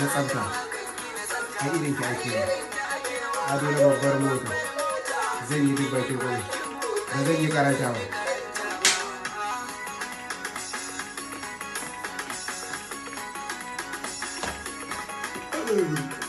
na tsabta a irin ki ake yi ado na babbar mota zan yi duk bakin gwani da zan yi karanta ba Thank you.